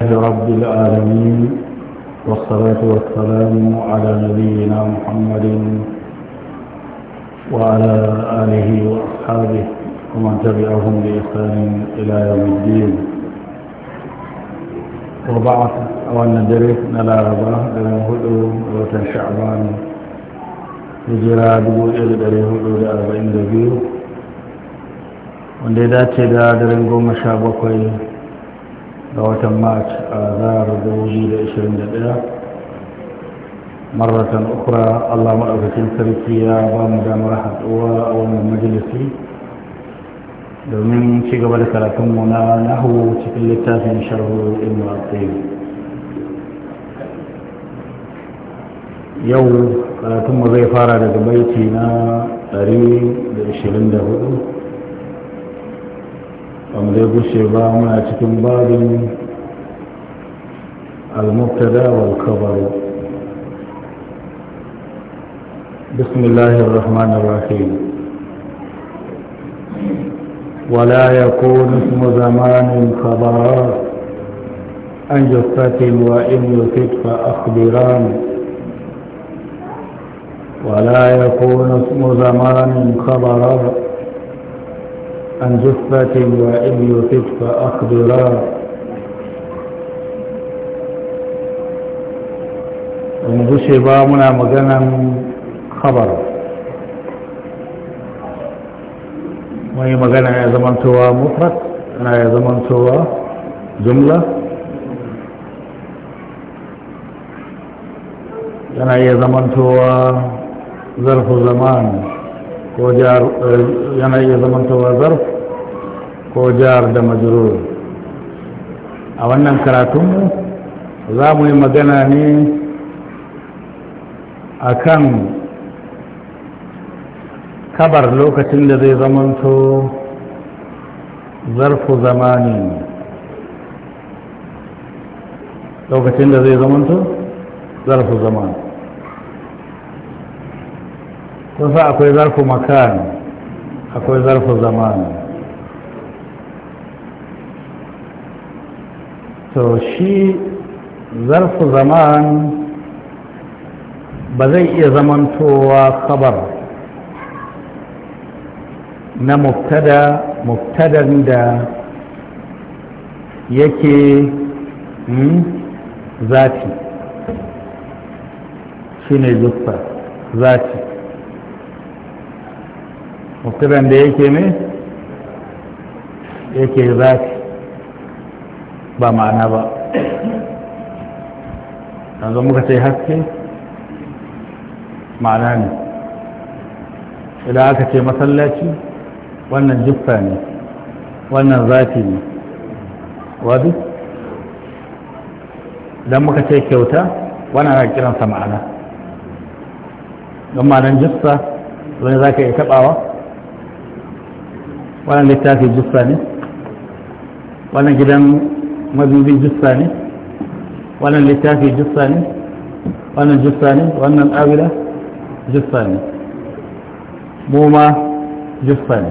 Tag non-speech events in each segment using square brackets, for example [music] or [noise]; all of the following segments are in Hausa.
رب العالمين والصلاة والسلام على نبينا محمد وعلى آله وأصحابه ومن تبعهم بإحسان إلى يوم الدين وبعث أولنا درس نلا ربا دلا هدو وتن شعبان hijira 1442 wanda ya dace da daren goma sha bakwai ga watan march a zarar 2021 maratan ukura allah maɗaukakin sarki ya ba mu damar haɗuwa a wannan majalisi domin ci gaba da karatunmu na nahu cikin littafin sharhu ilmu al-qayyim yau karatunmu zai fara daga baiti na 124 وما زي قشي بامنا تكون المبتدى والخبر بسم الله الرحمن الرحيم ولا يكون اسم زمان خبرات أن يفتن وإن يفت فأخبران ولا يكون اسم زمان خبرا عن جفة وإن يفد فأخبرا ومغشي بامنا مجنا خبر وهي مجنا يا زمن توا مفرد أنا يا زمن توا جملة أنا يا زمن توا ظرف زمان وجار يعني يا زمن توا ظرف ko jar da majrur a wannan karatunmu za mu yi magana ne a kan kabar lokacin da zai zamanto zarfu zamani lokacin da zai zamanto zarfu zamani kusa akwai zarfu makani akwai zarfu zamani Şi, zarf zaman ba zai iya zamantowa kabar na muftada muftadan da yake hmm, zati shi ne zuffa zati muftadan da yake ne yake zati ba ma'ana ba yanzu muka ce haske ma'ana ne idan aka ce masallaci wannan jiffa ne wannan zafi ne wadu idan muka ce kyauta wannan ana kiransa ma'ana don ma'anan jiffa wani za ka iya taɓawa wannan littafi jiffa ne wannan gidan mazubi jussa ne wannan littafi jussa ne wannan jussa ne wannan ɗawila jussa ne mu ma jussa ne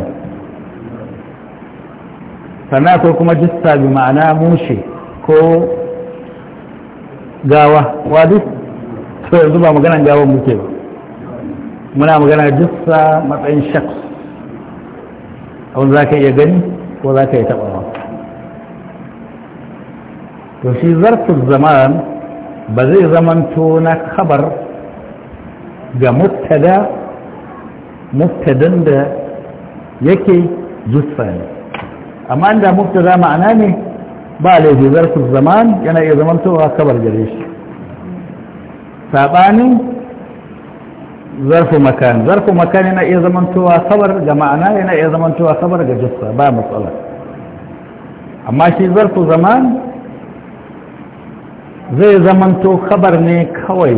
sannan akwai kuma jussa bi ma'ana mushe ko gawa wadu to yanzu ba maganan gawan muke ba muna magana jussa matsayin shaks abin za ka iya gani ko za ka yi taɓawa to shi zarfin zaman ba zai zamanto na kabar ga muttada muftadan da yake jussa ne amma inda muftada ma'ana ne ba laifi zarfin zaman yana iya zamantowa kabar gare shi saɓanin zarfu makan zarfu makan yana iya zamantowa kabar ga ma'ana yana iya zamantowa kabar ga jussa ba matsala amma shi zarfu zaman zai zamanto kabar ne kawai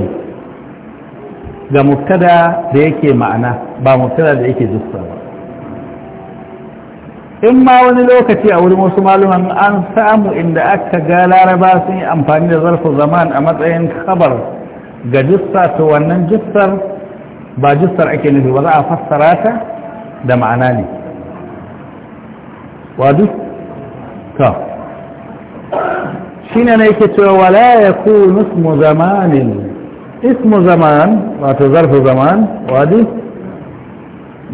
ga mubtada da yake ma'ana ba mubtada da yake zuwa ba in ma wani lokaci a wurin wasu maluman an samu inda aka ga laraba sun yi amfani da zarfin zaman a matsayin kabar ga jista to wannan jistar ba jistar ake nufi ba za a fassara ta da ma'ana ne wadu? ka شين نيك ولا يكون اسم زمان اسم زمان وتظرف زمان وادي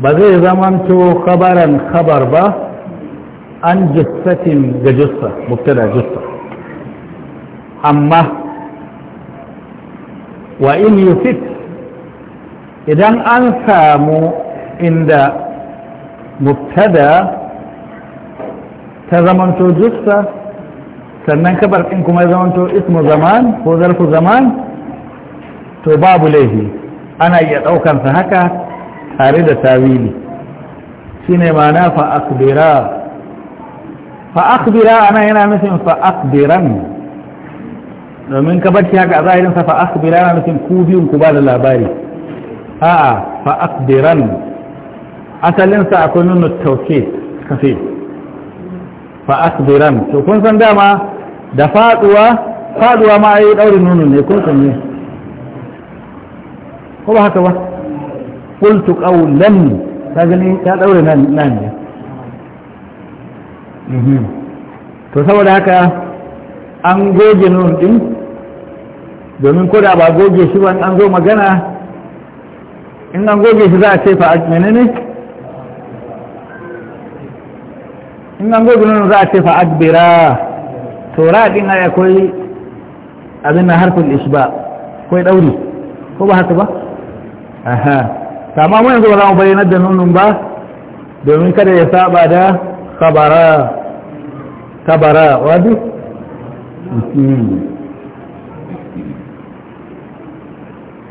بغي زمان تو خبرا خبر با عن جثة جثة مبتدا جثة أما وإن يفت إذا أنسام عند مبتدا تزمن تو جثة sannan kabar ɗin kuma ya zamanto ismu zaman ko zarfu zaman to babu laifi ana iya ɗaukansa haka tare da tawili shine ma'ana fa'akbira fa'akbira ana yana nufin fa'akbiran domin ka barci haka a zahirinsa fa'akbira yana nufin ku biyun ku ba da labari a'a fa'akbiran asalinsa akwai nuna tauke kafe fa'akbiran to kun san dama da faduwa faduwa ma yi daurin nono ne kun sanye ko ba haka ba qultu qawlan ta gani ta daure nan nan ne mhm. to saboda haka an goge nono din domin ko da ba goge shi ba an zo magana in an goge shi za a ce fa ne in an goge nono za a ce fa akbira tora din ai akwai abin na harkul isba akwai dauri ko ba haka ba aha amma mu yanzu ba za mu bayyana da nunun ba domin kada ya saba da khabara kabara wadi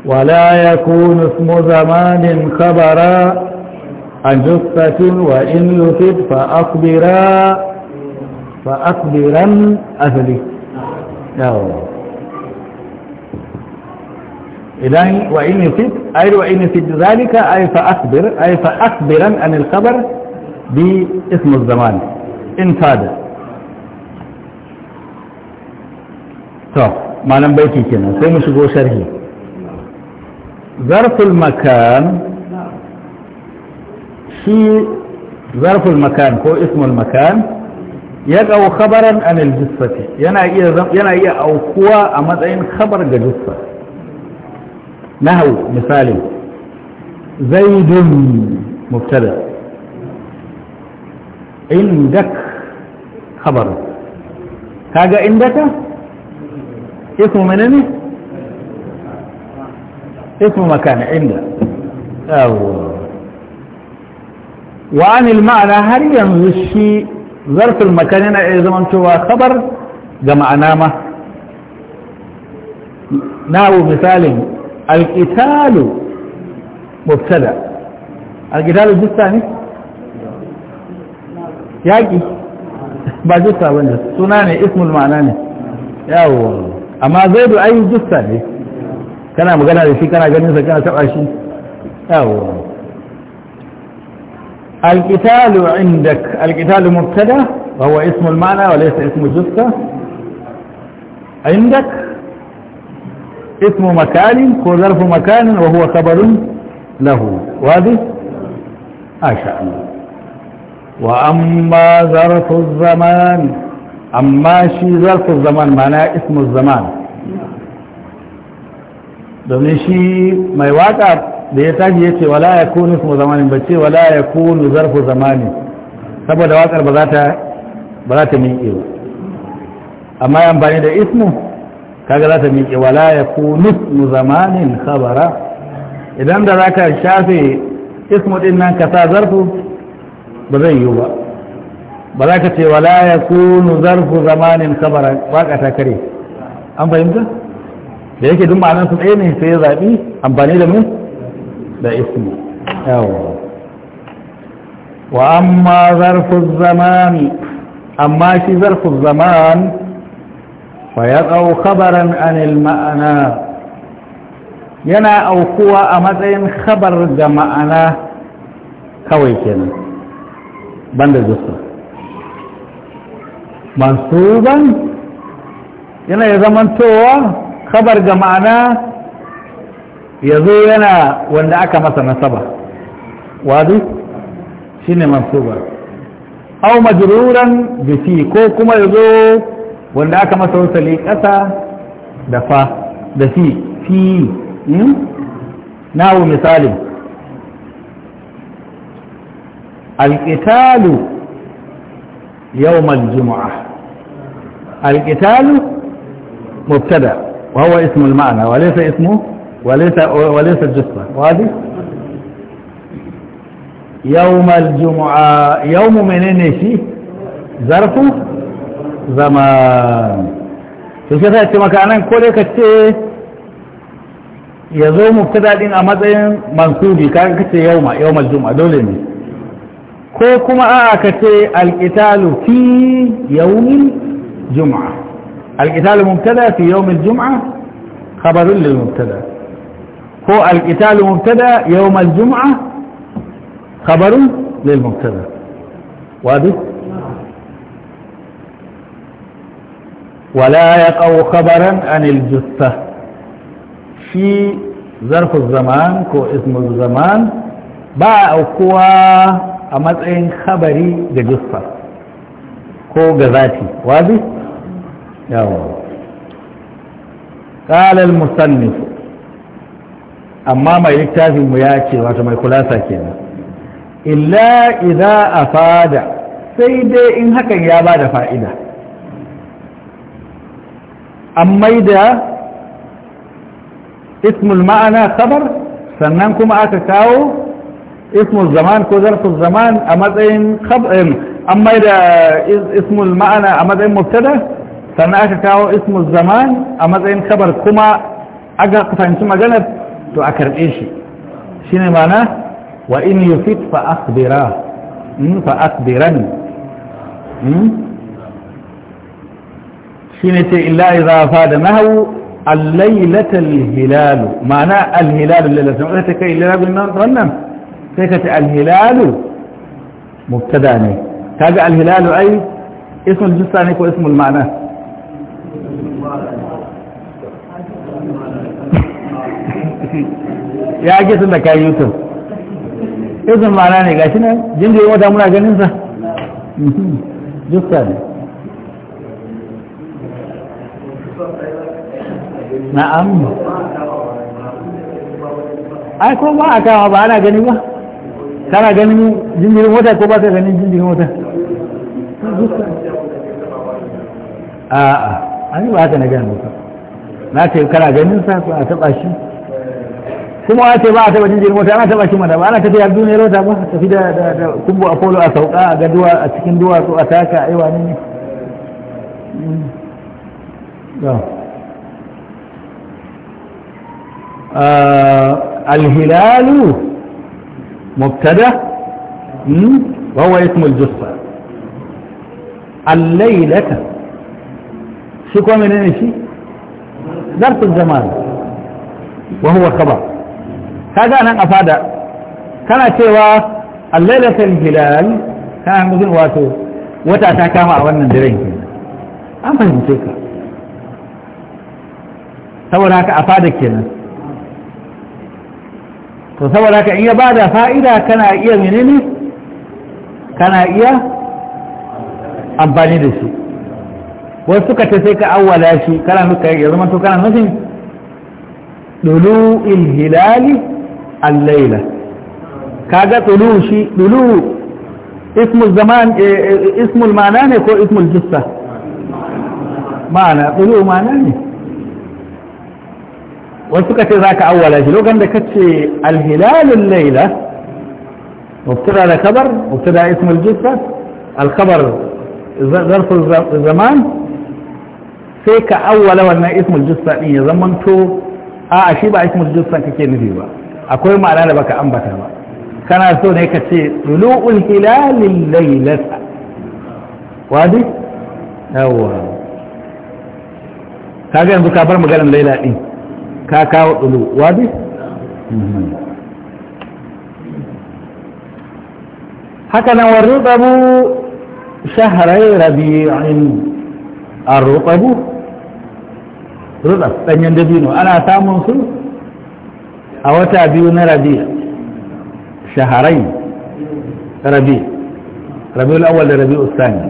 ولا يكون اسم زمان خبرا عن جثة وإن يفد فأخبرا فأقدرا أثبت إذن وإن يفيد أي وإن يفيد ذلك أي فأخبر أي فأخبرا عن الخبر باسم الزمان إن فاد طب ما لم بيتي كنا سيما شقو شرهي ظرف المكان في ظرف المكان هو اسم المكان يدعو خبرا عن الجثة ينا إيه ينا يا اوكوا a matsayin خبر ga نهو nahwu زيد مبتدا عندك خبر كاجا عندك اسم منني اسم مكان عندك أو وعن المعنى هل ينزل الشيء zarfin makan yana iya zaman cewa khabar ga ma'ana ma nawo misalin alƙitalu mubtada alƙitalu jista ne yaƙi ba jista wanda suna ne ismul ma'ana ne yawo amma zai zaidu ai jista ne kana magana da shi kana ganin sa kana taɓa shi yawo القتال عندك القتال مبتدا وهو اسم المعنى وليس اسم الجثة عندك اسم مكان هو ظرف مكان وهو خبر له واضح ما شاء الله وأما ظرف الزمان أما شي ظرف الزمان معناه اسم الزمان domin shi mai da ya tashi ya ce wala ya kunu kuma zamanin ba ce wala ya kunu zarfu zamani saboda wakar ba za ta ba za ta miƙe ba amma ya amfani da ismu kaga za ta miƙe wala ya kunu mu zamanin khabara idan da za ka shafe ismu din nan ka sa zarfu ba zai yiwu ba ba za ka ce wala ya kunu zarfu zamanin khabara waka ta kare an fahimta da yake duk ma'anar su ɗaya ne sai ya zaɓi amfani da mu da ismu yawa wa amma zarfin zamani amma shi zarfin zaman fa ya tsawo kabarin anil ma'ana yana aukuwa a matsayin khabar ga ma'ana kawai kenan banda jisa mansuban yana ya zamantowa khabar ga ma'ana ya zo yana wanda aka masa nasaba wadu shi ne mansuba au majruran bisi ko kuma ya zo wanda aka masa wasali ƙasa da fa da fi fi hmm? nawo misali alƙitalu yawmal juma'a alƙitalu mubtada wa huwa ismul ma'ana wa laysa ismu? وليس وليس الجثه وهذه يوم الجمعه يوم منين شيء ظرف زمان فكذا كما كان كل كتي يزوم مبتدا دين اما زين منصوب كان كتي يوم يوم الجمعه دوله ني كو كما كتي القتال في يوم الجمعه القتال مبتدا في يوم الجمعه خبر للمبتدا هو القتال مبتدا يوم الجمعة خبر للمبتدا واضح ولا يقع خبرا عن الجثة في ظرف الزمان كو اسم الزمان باع قوى أمتعين خبري khabari كو جذاتي واضح يا الله قال المصنف amma mai littafin mu ya ce wato mai kulasa kenan illa idza afada sai dai in hakan ya ba da fa'ida amma da ismul ma'ana khabar sannan kuma aka kawo ismul zaman ko zarfin zaman a matsayin amma da ismul ma'ana a matsayin mubtada sannan aka kawo ismul zaman a matsayin khabar kuma aka fahimci maganar to a karɓe shi shi ne mana wa in yufit fa akbira hmm, fa akbiran hmm? shi ne ce illa iza fa da nahawu allailata alhilalu ma'ana alhilalu lalata wata kai lalabin nan wannan sai ka ce alhilalu mubtada ne kaga alhilalu ai ismul jissa ne ko ismul ma'ana ya ake sun da kayan yusuf yusuf ma'ana ne gashi nan jin yi wata muna ganin sa justa mhm. ne na'am ai ko ba a kawo ba ana gani ba kana ganin jinjirin wata ko ba ka ganin jinjirin wata a'a an yi ba haka na gani ba na ce kana ganin sa ko a taba shi kuma ya ce ba a taba jin mota ana taba shi mata ba ana tafiya duniya rota ba tafi da kumbu a polo a sauka a gaduwa a cikin duwatsu a taka a yi wani ne الهلال مبتدا وهو اسم الجثة الليلة شكوى من ايه شيء درس الجمال وهو خبر kaga nan a fada kana cewa allailatul hilal kana nufin wato wata ta kama a wannan daren ke an fahimce ka saboda haka a fada kenan to saboda haka in ya bada fa'ida kana iya menene kana iya amfani da shi wasu suka ce sai ka awwala shi kana nuka ya zama to kana nufin dulu hilali. الليلة كاجا طلوع شيء طلوع اسم الزمان إيه- إيه- اسم المعنى كو اسم الجثة معنى طلوع معنى وسكا ذاك أول شيء لو كان دكتش الهلال الليلة مبتدا لخبر وابتدى اسم الجثة الخبر ظرف الزمان sai ka awwala wannan ismul jussa din ya zamanto a a shi ba ismul akwai ma'ana da baka ambata ba kana so ne ka ce tulu'ul hilalin lailata wadi yawwa ga yanzu ka bar maganar laila din ka kawo tulu wadi mhm. haka nan wa rutabu shahrai rabi'in ar-rutabu rutab danyen dabino ana samun su a wata biyu na rabi shaharai rabi Rabi awwal da Rabi thani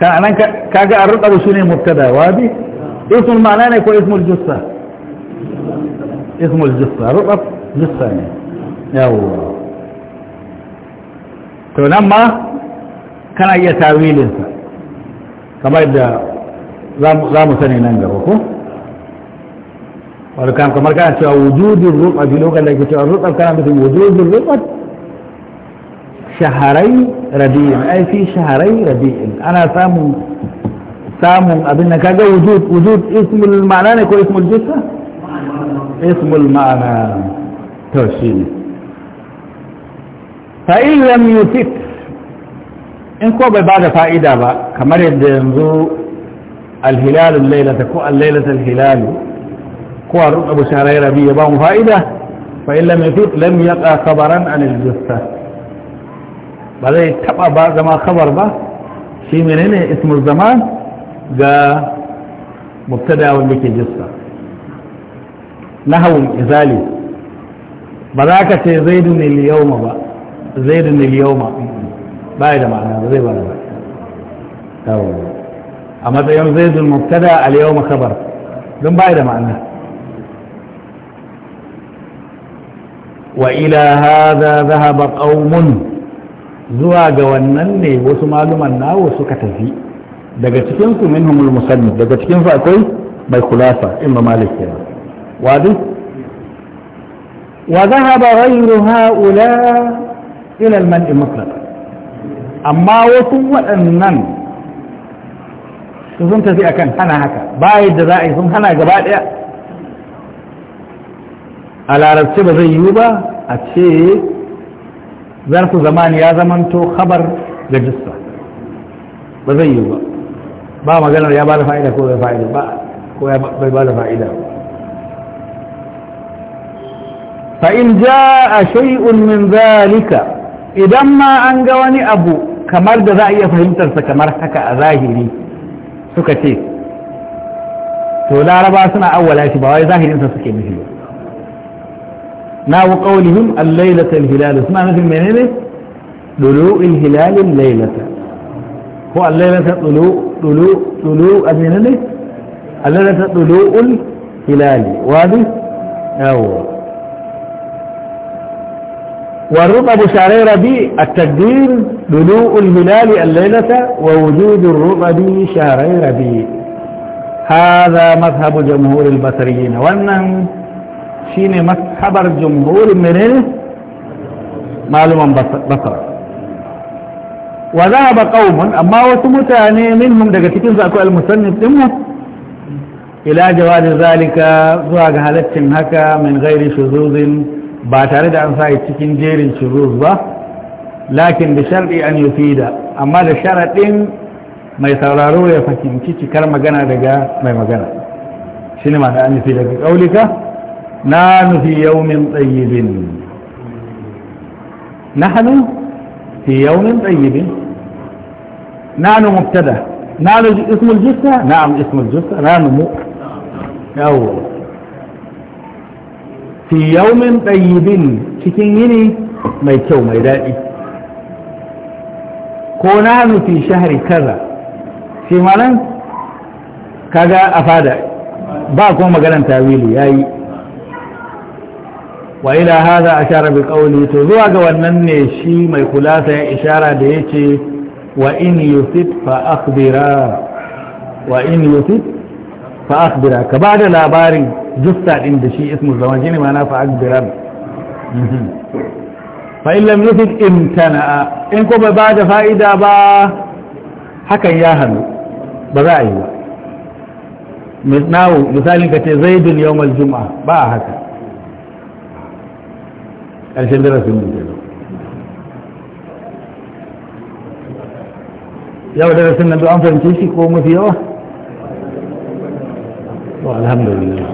kan anan kaga an rukaru ne mubtada wa bi ismul ma'ana ne ko ismul jussa ismul jussa rukab jussa ne yawo to nan ma kana iya tawilinsa kamar da za mu sani nan gaba ko wani kan kamar kana cewa wujudin rufa bi lokacin da ke cewa rufa kana mutum wujudin rufa shaharai rabi'in ai fi shaharai rabi'in ana samun samun abin da kaga wujud wujud ismul ma'ana ne ko ismul jinsa ismul ma'ana to shi ne fa'in lam yutif in ko bai bada fa'ida ba kamar yadda yanzu alhilalul lailata ko al-lailatul hilalu ko a rubda bisharai rabi ya ba mu fa'ida fa illa mai fi lam yaqa khabaran an al-jussa ba zai taba ba zama khabar ba shi menene ismul zaman ga mubtada wanda ke jussa nahawul izali ba za ka ce zaidun al-yawma ba zaidun al-yawma ba da ma'ana ba zai ba da ba a matsayin zaidun mubtada al-yawma khabar don ba da ma'ana wa ila hadha dhahaba qaumun zuwa ga wannan ne wasu maluman nawo suka tafi daga cikin su minhumul daga cikin akwai mai khulasa imam malik kenan wadi wa dhahaba ghayru haula ila al-man'i amma wasu waɗannan sun tafi akan hana haka ba yadda za a yi sun hana gaba ɗaya a larabci ba zai yiwu ba a ce zarfu zamani ya zamanto khabar ga jissa ba zai yiwu ba ba maganar ya ba da fa'ida ko bai fa'ida ba ko ya bai ba da fa'ida fa in jaa shay'un min zalika idan ma an ga wani abu kamar da za a iya fahimtar sa kamar haka a zahiri suka ce to laraba suna awwala shi ba wai zahirin sa suke nufi ba ناو قولهم الليلة الهلال اسمع مثل منين دلوء الهلال الليلة هو الليلة دلوء دلوء دلوء منين الليلة دلوء الهلال وادي أو والرطب شعرير بي التقدير دلوء الهلال الليلة ووجود الرطب شعرير بي هذا مذهب جمهور البصريين وأنهم Shi shine masabar jumhurin menene maluman basara wa zahaba qaumun amma wasu mutane minhum daga cikin su akwai al-musannif dinmu da ila zalika zuwa ga halaccin haka min gairi shuzuzin ba tare da an sai cikin jerin shuzuz ba lakin da sharɗi an yufida amma da sharadin mai sauraro ya fahimci cikar magana daga mai magana shine ma'ana an yufida ga kaulika نحن في يوم طيب نحن في يوم طيب نحن مبتدا نحن اسم الجثة نعم اسم الجثة نحن مؤمن أول في يوم طيب شكيني ميتو ميدائي كونان في شهر كذا في مالا كذا أفادع باكو مقالا تاويلي هاي وإلى هذا أشار بقوله تزوى والنن شي ما خلاصة إشارة ديتي وإن يثب فأخبرا وإن يثب فأخبرا كبعد الأباري جثة عند شيء اسمه الزواجين ما نافع فأخبرا [laughs] فإن لم يثب امتنع إنكم بعد فائدة با حكا ياهل بذائي مثناه مثال كتزيد يوم الجمعة با حكا ƙarshen darasin mu kenan yau darasin nan an fahimce shi ko mafi yawa to alhamdulillah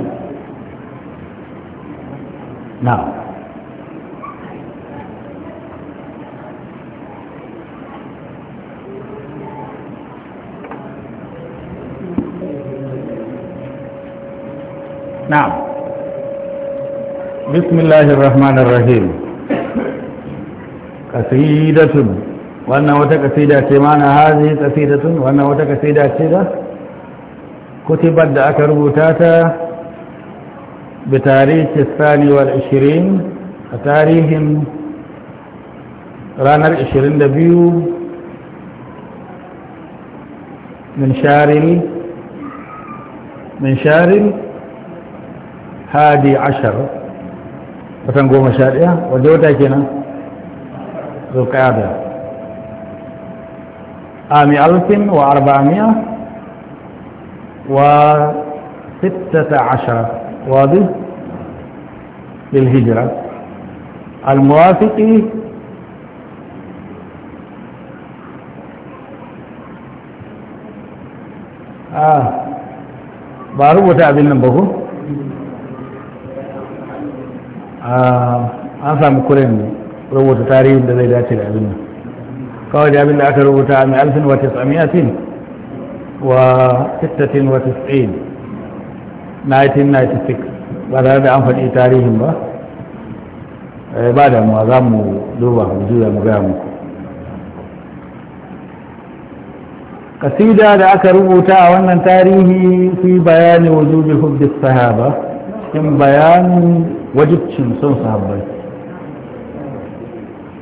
na نعم بسم الله الرحمن الرحيم قصيدة وأن وتقصيدة كمان هذه قصيدة وأن وتقصيدة كتبت دعك ربوتاتا بتاريخ الثاني والعشرين تاريخهم العشرين دبيو من شهر من شهر هادي عشر kusan goma sha ɗaya wanda wata kenan zulkada ami alfin wa arba'amiya wa sittata ashara wadi للهجرة الموافق آه ba rubuta abin nan ba ko Ah, an samu kuren rubuta tarihin da zai dace da abin nan kawai da abin da aka rubuta a alfin wa tis'amiyatin wa sittatin wa tis'in 1996 ba tare da an faɗi tarihin ba eh, ba damuwa za mu duba mu juya mu gaya muku kasida da aka rubuta a wannan tarihi fi bayani wujubi hubbi sahaba cikin bayanin wajibcin son sahabbai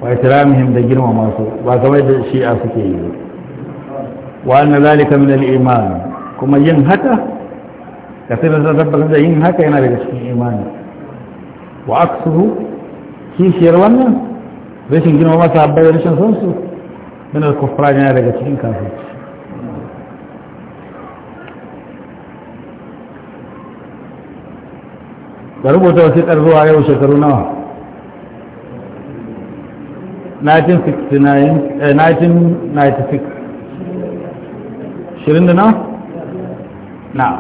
wa itiramihim da girma masu ba kamar da shi'a suke yi wa anna zalika min al-iman kuma yin haka kafin da tabbata da yin haka yana daga cikin imani wa aksuhu kishiyar wannan rashin girma masu habbai rashin son su min al-kufra yana daga cikin kafirci da rubuta wasiƙar zuwa yau shekaru nawa 1996 eh, shirin da nawa? na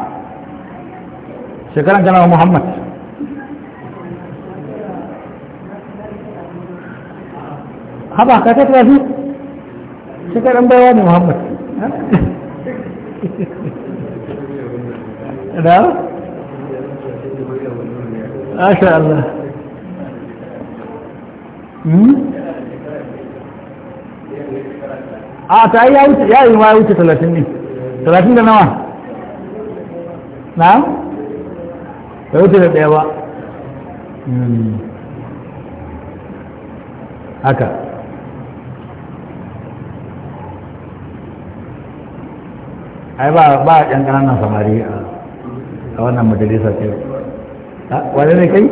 shekaran ganawa muhammad haba ka ta tafi shekaran baiwa ne muhammad da? [laughs] asha Allah hmm? a ta yi ya wuce ya yi ma ya wuce talatin ne talatin da nawa na ya wuce da ɗaya ba hmm. haka ai ba ba a ƙananan samari a wannan majalisa ce ولا انا كي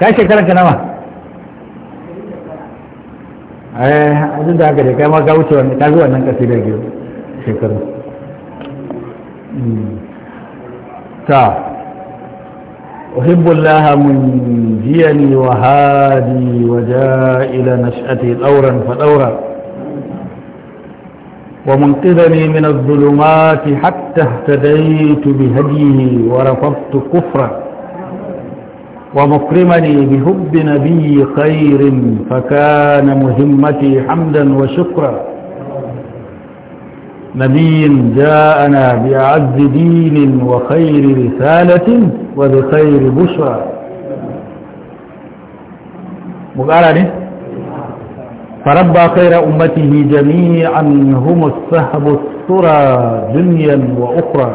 كاي شكرا كنوا ايه عدو دا شكرا تا أحب الله من منجيني وهادي وجاء إلى نشأتي ثورا فثورا ومنقذني من الظلمات حتى اهتديت بهديه ورفضت كفرا ومكرمني بحب نبي خير فكان مهمتي حمدا وشكرا نبي جاءنا بأعز دين وخير رسالة وبخير بشرى مقالة فربى خير أمته جميعا هم السحب الثرى دنيا وأخرى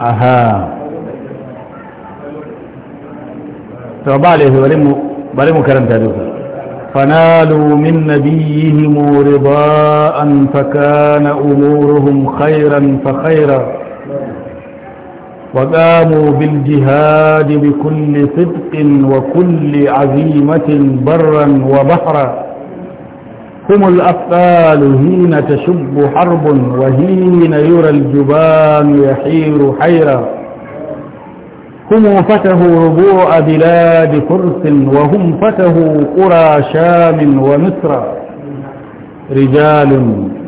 أها فبا عليه بريمو كلام تاريخ فنالوا من نبيهم رضاء فكان أمورهم خيرا فخيرا وقاموا بالجهاد بكل صدق وكل عزيمة برا وبحرا هم الأفقال حين تشب حرب وحين يرى الجبان يحير حيرا هم فتهوا ربوع بلاد فرس وهم فتهوا قرى شام ومصر رجال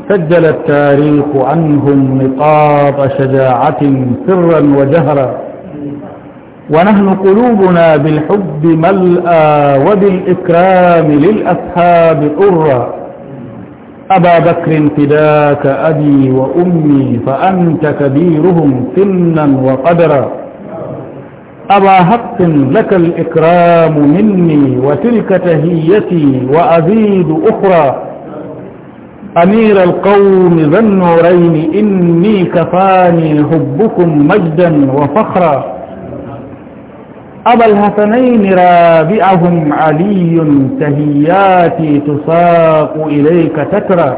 سجل التاريخ عنهم نقاط شجاعة سرا وجهرا ونحن قلوبنا بالحب ملأى وبالإكرام للأصحاب أرى أبا بكر فداك أبي وأمي فأنت كبيرهم سنا وقدرا أبا حق لك الإكرام مني وتلك تهيتي وأزيد أخرى أمير القوم ذا النورين إني كفاني حبكم مجدا وفخرا أبا الحسنين رابعهم علي تهياتي تساق إليك تترى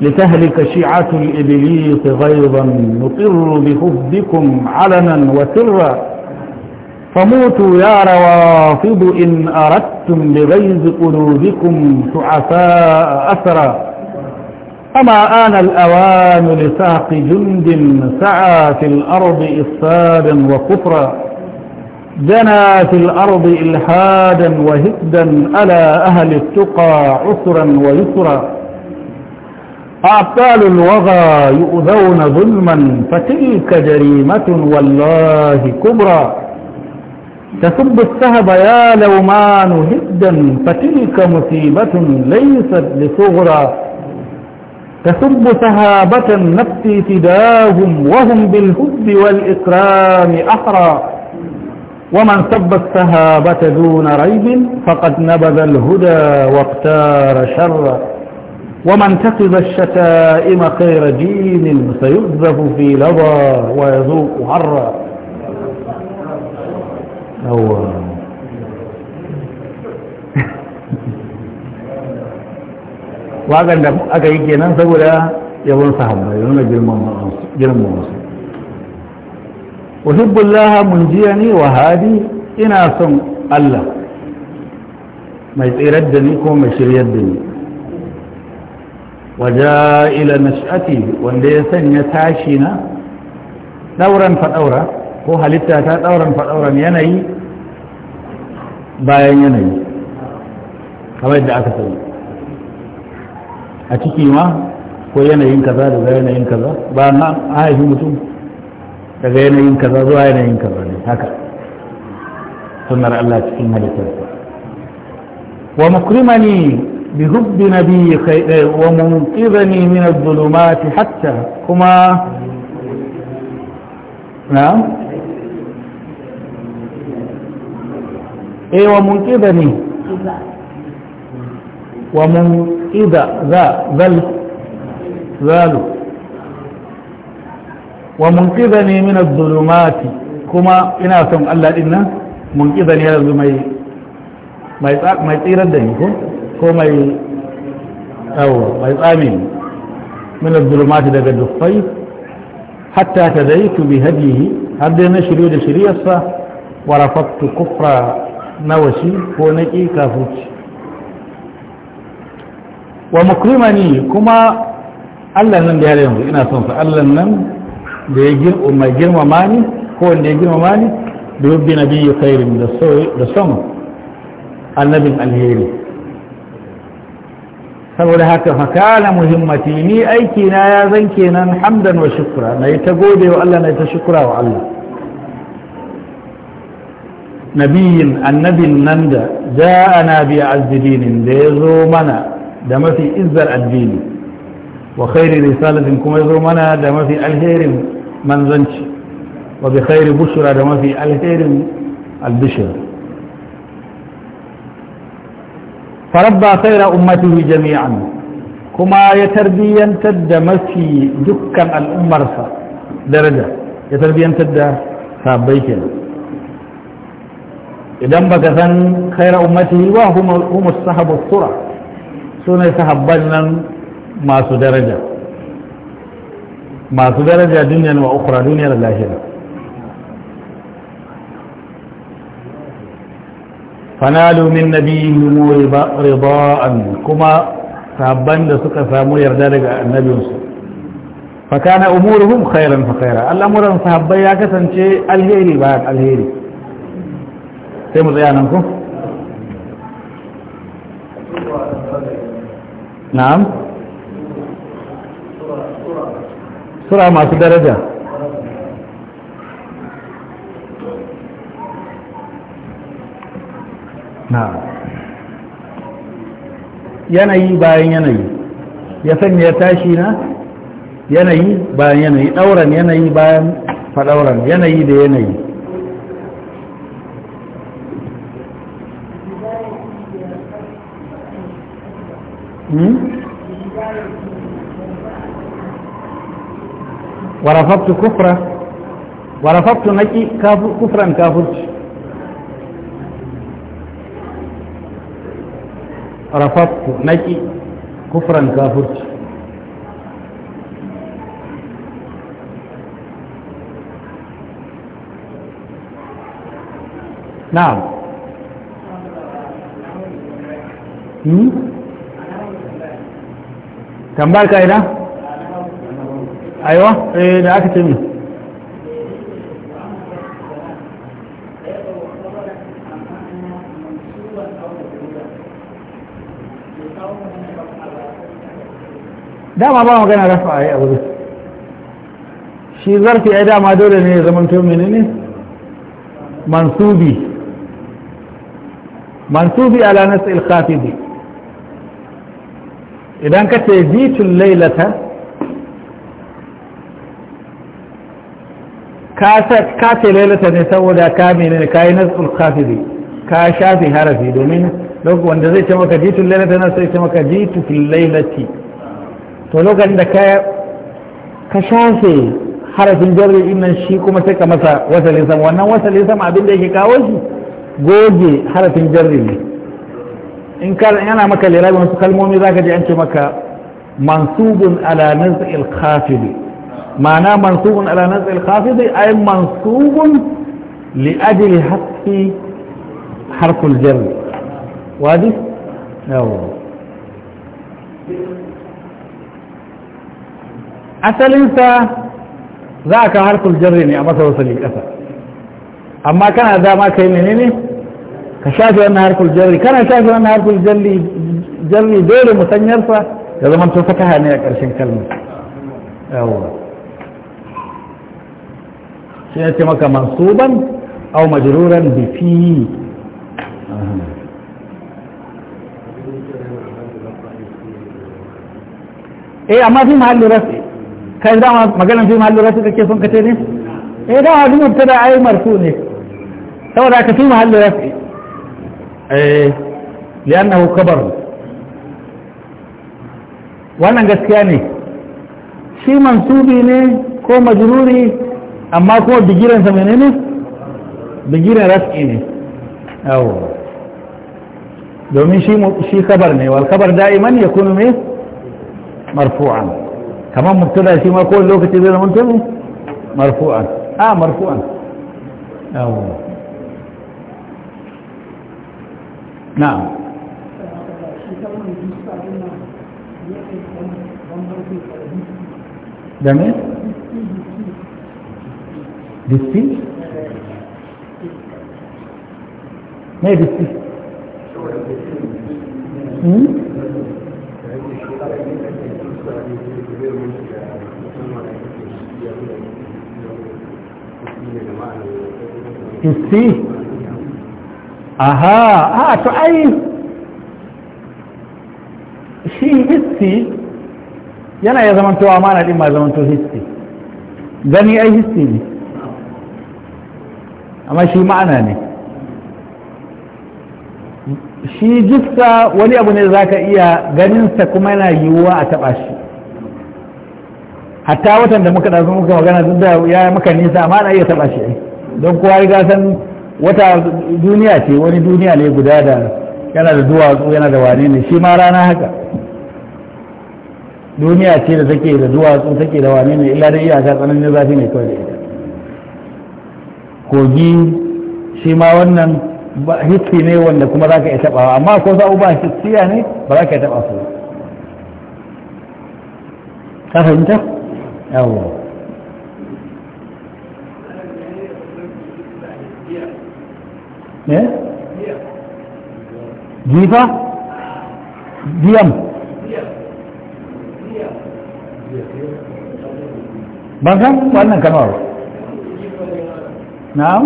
لتهلك شيعة الإبليس غيظا نطر بحبكم علنا وسرا فموتوا يا روافض إن أردتم لغيظ قلوبكم شعفاء أثرا أما آن الأوان لساق جند سعى في الأرض إفسادا وكفرا جنى في الأرض إلحادا وهدا ألا أهل التقى عسرا ويسرا أعطال الوغى يؤذون ظلما فتلك جريمة والله كبرى تسب السهب يا لومان هدا فتلك مصيبة ليست لصغرى تسب سهابة النفس فداهم وهم بالهد والإكرام أحرى ومن سب السهابة دون ريب فقد نبذ الهدى واقتار شرا ومن تخذ الشتائم خير جيل سيقذف في لظى ويذوق عرا أوه. waƙar da aka yi kenan saboda yawon ya nuna girman wasu uhibbullaha munjiyani wa hadi ina son Allah mai tsirar da ni ko mai shiryar da ni waje ila nash'ati wanda ya sanya tashi na fa ɗaura, ko halitta ta fa ɗauran yanayi bayan yanayi kamar da aka sani a ciki ma ko yanayin kaza daga yanayin kaza ba na haifi mutum daga yanayin kaza zuwa yanayin kaza ne haka sunnar Allah cikin halittarsa wa makrimani bi hubbi nabiyyi khayda eh, wa munqidhani min adh-dhulumat hatta kuma na'am eh wa munqidhani ومن إذا ذا ذل ذال ومنقذني من الظلمات كما إنا سم الله إنا منقذني ما مي ما تيرد دنيكو كو مي أو ما تآمين من الظلمات لدى الدخيف حتى تدعيت بهديه هدي نشريه شريصة ورفضت كفر نوشي ونكي كافوتي wa mukrimani kuma Allah nan da ya yanzu ina son sa Allah nan da ya girma girmama ni ko wanda ya girmama ni da yubbi nabiyyi khairin da da son annabin alheri saboda haka fakala muhimmati ni aiki na ya zan kenan hamdan wa shukra na yi ta gode wa Allah na yi ta shukra wa Allah nabiyin annabin nan da ja'ana bi azdinin da ya zo mana da mafi izzar addini wa khairi risalatin kuma yazo mana da mafi alherin manzanci wa bi khairi bushra da mafi alherin albishir farabba khaira ummatihi jami'an kuma ya tarbiyantar da mafi dukkan al'ummarsa daraja ya tarbiyantar da sabbai kenan idan baka san khaira ummatihi wa hum sahabu sura su sahabban nan masu daraja masu daraja duniya wa ukura duniya da lahira fanalu min nabiyyi rida'an kuma sahabban da suka samu yarda daga annabinsu al'amuran sahabbai ya kasance alheri ba alheri sai mu tsaya nan زيانكم na'am sura masu daraja na'am yanayi bayan yanayi ya sanya ya tashi na yanayi bayan yanayi ɗauran yanayi bayan faɗauran yanayi da yanayi ورفضت كفره ورفضت نجي كفرا كافر رفضت نجي كفرا كافر نعم tambayar ka ina aiwa eh da aka ce mi dama ba magana rafa a yi a wuri. shi zarfi ai dama dole ne ya zamanto mene ne mansubi mansubi ala nasa ilkhafidi idan ka ce jitun lailata ka ce lailata ne saboda ka ne ka yi nasul kafiri ka shafi harafi domin lokacin wanda zai ce maka jitun lailata na sai ce maka jitu lailati to lokacin da ka shafe harafin jarri nan shi kuma sai ka masa wasalin sama wannan wasalin sama abin da yake kawo shi goge harafin jarri ne in yana maka lirabi wasu kalmomi za ka ji an ce maka mansubun ala nazil khafidi ma'ana mansubun ala nazil khafidi ay mansubun li ajli hasfi harful jarri wadi yawa asalinsa za ka harful jarri ne a masa wasali kasa amma kana dama kai menene ka shafe wannan harkul jarri kana shafe wannan harkul jarri dole musanyarsa ya zama to fataha ne a ƙarshen kalmar yawwa shi ya ce maka mansuban au majruran bi fi eh amma fi mahallu rasi kai dama maganar fi mahallu rasi kake son kace ne eh dama duk da ai marfu ne saboda ka fi mahallu rasi Eh, liyannahu kabar wannan gaskiya ne shi mansubi ne ko majruri amma ko bigiransa menene bigiran raski ne yawo domin shi kabar ne wal kabar da'iman ya kunu mai marfu'an kamar mubtada shi ma kowane lokaci zai zama marfu'an a ah, marfu'an yawo na'am da me? disti? me disti? Hmm? disti? aha a to ai shi hissi yana ya zamanto amana din ma zamanto hissi gani ai hissi ne amma shi ma'ana ne shi jista wani abu ne za ka iya ganinsa kuma yana yiwuwa a taɓa shi hatta watan da muka ɗazu muka magana duk da ya maka nisa amma ana iya taɓa shi don kowa ya san wata duniya ce wani duniya ne guda da yana da duwatsu yana da wane ne shi ma rana haka duniya ce da take da duwatsu take da wane ne illa da iyaka tsananin zafi ne kawai da ita kogi shi ma wannan hiski ne wanda kuma za ka iya taɓawa amma ko za ba tsiya ne ba za ka iya taɓa su ka fahimta yawon eh jifa diyam ban wannan kamar! ba na'am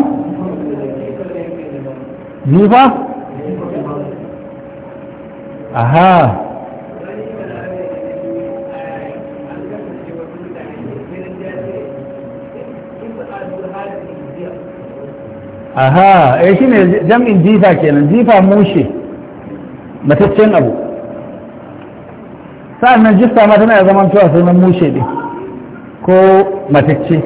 jifa aha aha eh shine jam'in jifa kenan jifa mushe mataccen abu sa'an nan jifa ma tana zaman cewa sunan mushe ne ko matacce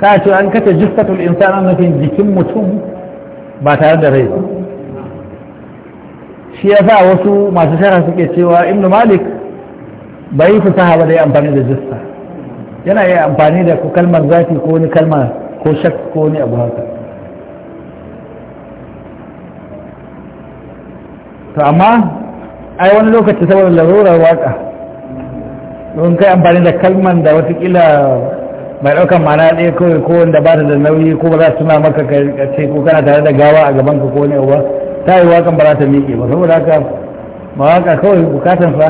ka ce an kace jifatul insan an nufin jikin mutum ba tare da rai ba shi ya sa wasu masu shara suke cewa Ibn malik bai fusaha da dai amfani da jifa yana iya amfani da kalmar zafi ko wani kalmar ko shak ko wani abu haka to amma ai wani lokaci saboda larurar waka don kai amfani da kalman da wata watakila mai ɗaukan mana ɗaya kawai ko wanda ba da nauyi ko ba za su na maka ce ko kana tare da gawa a gaban ka ko ne ba ta yi wakan ba za ta miƙe ba saboda haka mawaka kawai bukatan fa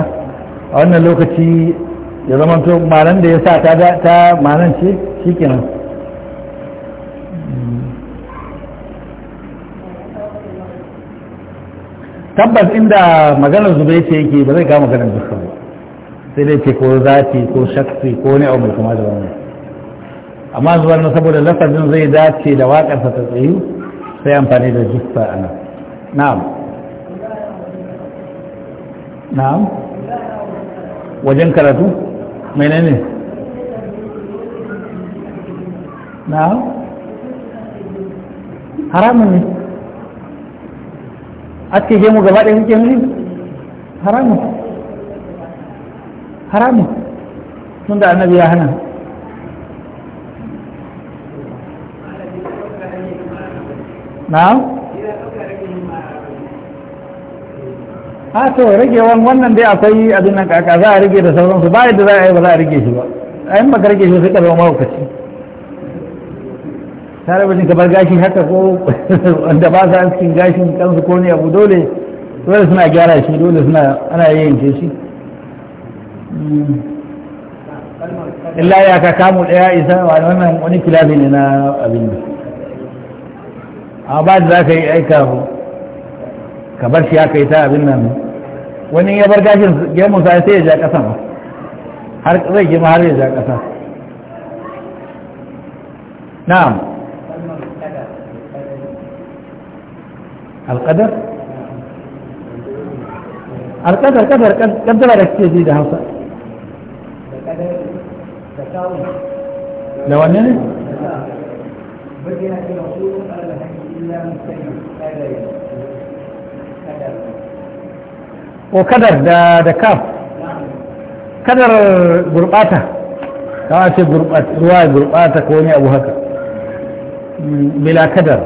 a wannan lokaci ya zama to malan da ya sa ta malan ce shikenan tabbas inda maganar zube ce yake ba zai ga maganar duka ba sai dai ce ko zati ko shakti ko ne abu kuma da wannan amma zuwa na saboda lafazin zai dace da waƙarsa ta tsayu sai amfani da juffa a nan na'am na'am wajen karatu menene na'am haramun ne aske mu gaba ɗaya kuke nuni haramun haramun tun da annabi ya hana na? a to ragewan wannan dai akwai abin nan kaka za a rage da sauransu ba yadda za a yi ba za a rage shi ba a ba ka rage shi sai ka zama mahaukaci tare da ka bar gashi haka ko wanda ba sa cikin gashin kansu ko ne abu dole dole suna gyara shi dole suna ana ce shi hmm. illa ya ka kamu daya isa wannan wani kilafi ne na abin amma ba da za ka yi aika ka bar shi haka yi ta abin nan wani ya bar gashin gemun sa sai ya ja kasa ma har zai gima har ya ja kasa na'am القدر القدر قدر قدر قدر قدر قدر قدر لو أنني قدر قدر قدر كاف قدر قدر قدر قدر قدر قدر قدر قدر قدر قدر قدر قدر قدر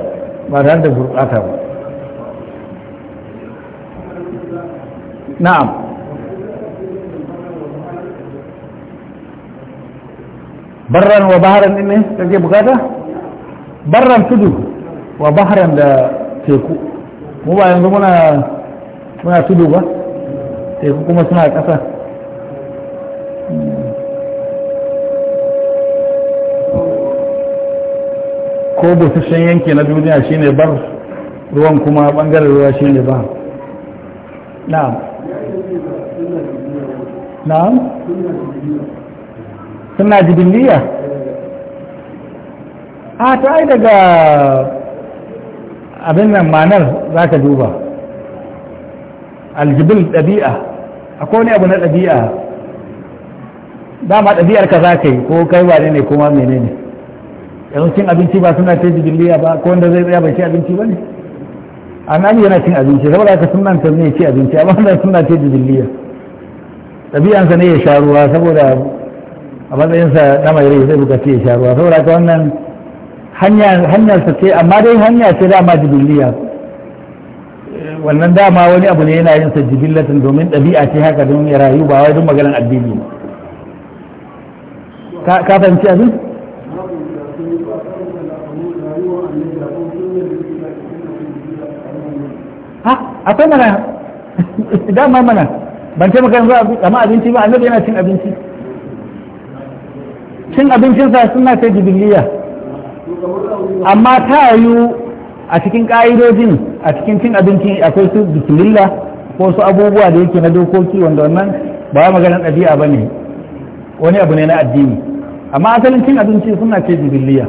قدر قدر قدر ba na'am barran wa baharan ne kake bukata barran tudu wa baharan teku mu ba yanzu muna tudu ba teku kuma suna ƙasa ko busasshen yanki na duniya shine bar ruwan kuma bangaren ruwa shine ba na'am نعم سنة جبلية a ta ai daga abin nan جوبا za ka duba aljibil ɗabi'a abu na ɗabi'a dama ɗabi'ar ka za ka yi ko kai wane ne kuma menene yanzu cin abinci ba suna ta jibiliya ba ko wanda zai tsaya bai ci abinci ba ne amma yana cin abinci saboda haka sunan ta ne ci abinci amma wannan suna ce jibiliya ɗabi'ansa ne ya sha ruwa saboda a matsayinsa na mai rai zai bukaci ya sha ruwa saboda haka wannan hanyar hanyarsa ce amma dai hanya ce dama jibiliya wannan dama wani abu ne yana yin sa jibillatin domin ɗabi'a ce haka don ya rayu ba wai don maganar addini ka fahimci abin akwai mana [laughs] dama mana ban taimaka yanzu amma abinci ba annabi yana cin abinci cin abincinsa suna ta jibiliya amma ta yiwu a cikin ƙa'idojin a cikin cin abinci akwai su bismillah ko su abubuwa da yake na dokoki wanda wannan ba maganar ɗabi'a ba ne wani abu ne na addini amma asalin cin abinci suna ce jibiliya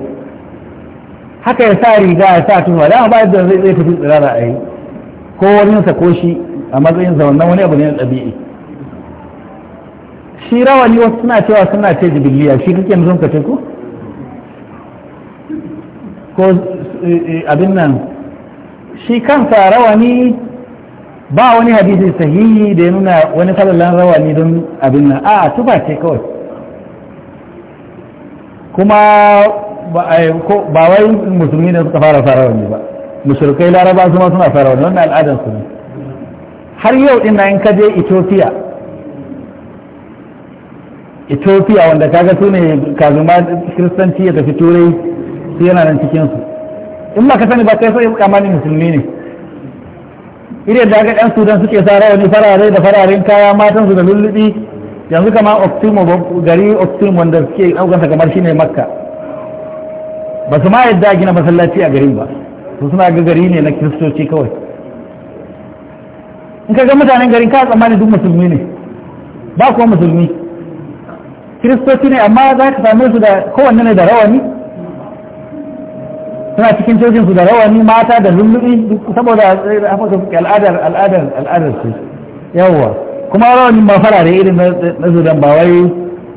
haka ya sa riga ya sa tunuwa dama ba yadda zai tafi tsirara a yi ko sa ko shi a sa wannan wani abu ne na dabi'i shi rawani wasu suna cewa suna ce jibiliya shi kake nufin ka ko ko eh, eh, abin nan shi kansa rawani ba wani hadisi sahihi da ya nuna wani kalallan rawani don abin nan a tufa ce kawai kuma eh, ba wai musulmi ne suka fara fara rawani ba mushrikai laraba su ma suna fara wannan wannan al'adar su ne har yau din in ka je Ethiopia Ethiopia wanda kaga su ne kazuma kristanci ya tafi turai su yana nan cikin su in ba ka sani ba kai sai mani musulmi ne irin da aka ɗan sudan suke sa rawani farare da fararen kaya matan su da lullubi yanzu kama optimo gari optimo wanda suke ɗaukansa kamar shine makka ba su ma yadda gina masallaci a garin ba su suna ga gari ne na kiristoci kawai in ka ga mutanen garin ka tsammani duk musulmi ne ba kuwa musulmi kiristoci ne amma za ka same su da kowanne ne da rawani suna cikin cocin su da rawani mata da lullubi saboda al'adar al'adar al'adar su yawwa kuma rawani ma farare irin na zudan bawai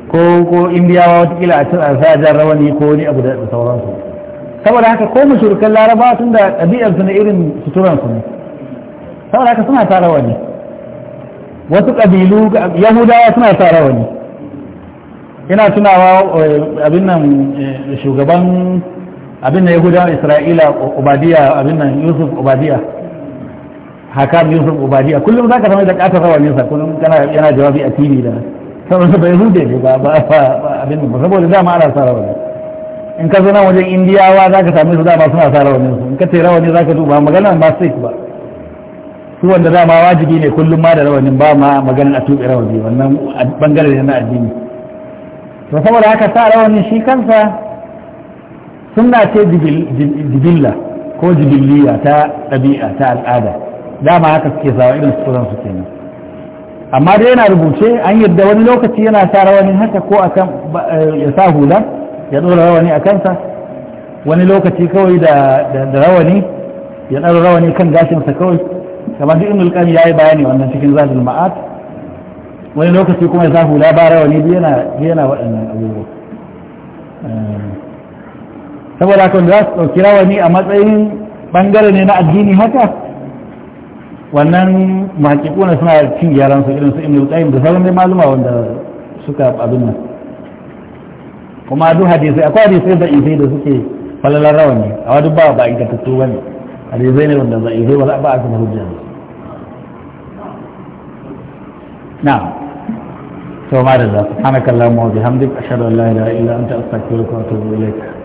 ko ko indiyawa wata kila a cin alsajar rawani ko wani abu da sauransu saboda haka ko mushrikan laraba tun da ɗabi'ar su na irin suturan su ne saboda haka suna tarawa ne wasu ƙabilu yahudawa suna tarawa ne ina tunawa abin nan shugaban abin da yahudawa isra'ila ubadiya abin nan yusuf ubadiya hakam yusuf ubadiya kullum za ka sami da ƙasar rawaninsa kullum yana jawabi a tv da saboda yahudai hude ne ba abin nan saboda dama ana tarawa ne in ka zo nan wajen indiyawa za ka sami su dama suna sa rawanin su in ka ce rawani za ka duba magana ba sai ba su wanda dama wajibi ne kullum ma da rawanin ba ma magana a tuɓe rawani wannan bangare ne na addini to saboda haka sa rawani shi kansa suna ce jibilla ko jibilliya ta ɗabi'a ta al'ada dama haka suke sawa irin su su kenan amma dai yana rubuce an yadda wani lokaci yana sa rawanin haka ko akan ya sa hula ya ɗora rawani a kansa wani lokaci kawai da rawani ya ɗara rawani kan gashinsa kawai kamar duk inul ya yayi bayani wannan cikin zazul ma'at wani lokaci kuma ya zahu hula ba rawani biyu yana waɗannan abubuwa eh, saboda haka wanda za su ɗauki rawani a matsayin ɓangare ne na addini haka wannan mahaƙiƙuna suna cin gyaran su irin su inda qayyim da sauran dai maluma wanda suka abin nan kuma duk hadisi akwai hadisi da ifai da suke falalar rawani a wadda ba ba ita tattu ba ne ne wanda za ifai wala ba a kuma hujja na to ma da za su hana kallon mawabi hamdik ashadu allah ila ila an ta astagfirka wa tubu ilaika